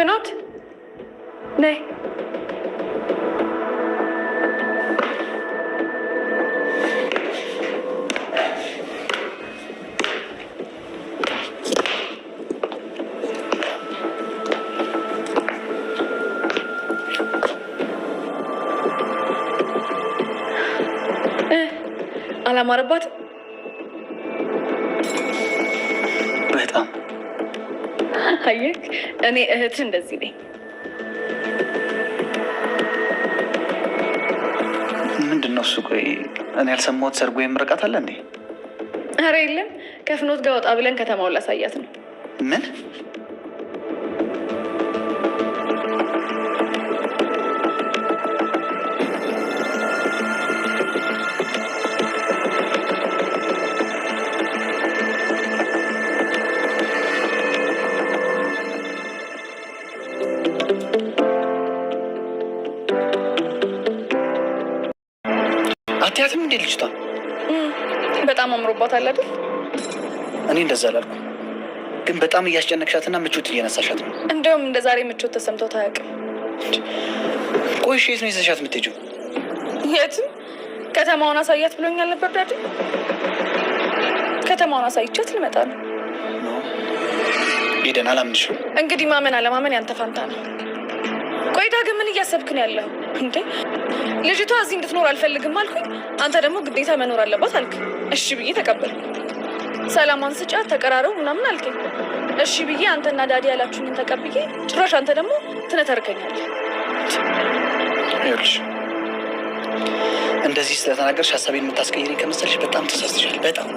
Fernand? Nee. አላማረባት eh, በጣም አየህ፣ እኔ እህት እንደዚህ ነኝ። ምንድን ነው እሱ? ቆይ እኔ ያልሰማሁት ሰርግ ወይም ምርቃት አለ እንዴ? ኧረ የለም። ከፍኖት ጋር ወጣ ብለን ከተማውን ላሳያት ነው። ምን አትያትም እንዴ ልጅቷ? በጣም አምሮባታል አይደል? እኔ እንደዛ አላልኩም፣ ግን በጣም እያስጨነቅሻትና ምቾት እየነሳሻት ነው። እንዲሁም እንደ ዛሬ ምቾት ተሰምቶት አያውቅም። ቆይ እሺ፣ የት ነው ይዘሻት የምትሄጂው? የትም ከተማውን አሳያት ብሎኛል ነበር ዳድ። ከተማውን አሳይቻት ልመጣ ነው። ሄደን አላምንሽም። እንግዲህ ማመን አለማመን ያንተ ፋንታ ነው። ቆይ ዳግም ምን እያሰብክ ነው ያለው እንዴ? ልጅቷ እዚህ እንድትኖር አልፈልግም አልኩኝ። አንተ ደግሞ ግዴታ መኖር አለባት አልክ። እሺ ብዬ ተቀበል። ሰላም አንስጫ ተቀራረቡ ምናምን አልከኝ። እሺ ብዬ አንተና ዳዲ ያላችሁኝን ተቀብዬ፣ ጭራሽ አንተ ደግሞ ትነተርከኛል። ይኸውልሽ እንደዚህ ስለተናገርሽ ሀሳቤን የምታስቀይሪ ከመሰልሽ በጣም ተሳስተሻል። በጣም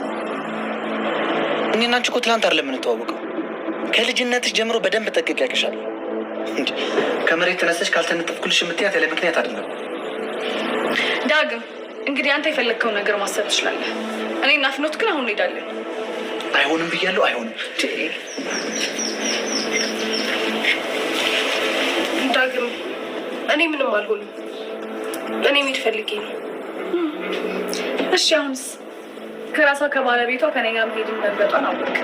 እኔና አንቺ እኮ ትናንት አይደለም የምንተዋወቀው። ከልጅነትሽ ጀምሮ በደንብ ጠቅቅ ያቅሻል። ከመሬት ተነሰች ካልተነጠፍኩልሽ የምትያት ያለ ምክንያት አይደለም። ዳግም እንግዲህ አንተ የፈለግከው ነገር ማሰብ ትችላለህ። እኔ እና ፍኖት ግን አሁን እንሄዳለን። አይሆንም ብያለሁ። አይሆንም ዳግም፣ እኔ ምንም አልሆንም። እኔ የምሄድ ፈልጌ ነው። እሺ አሁንስ? ከራሷ ከባለቤቷ ከኔ ጋር መሄድን መምረጧን አወቅ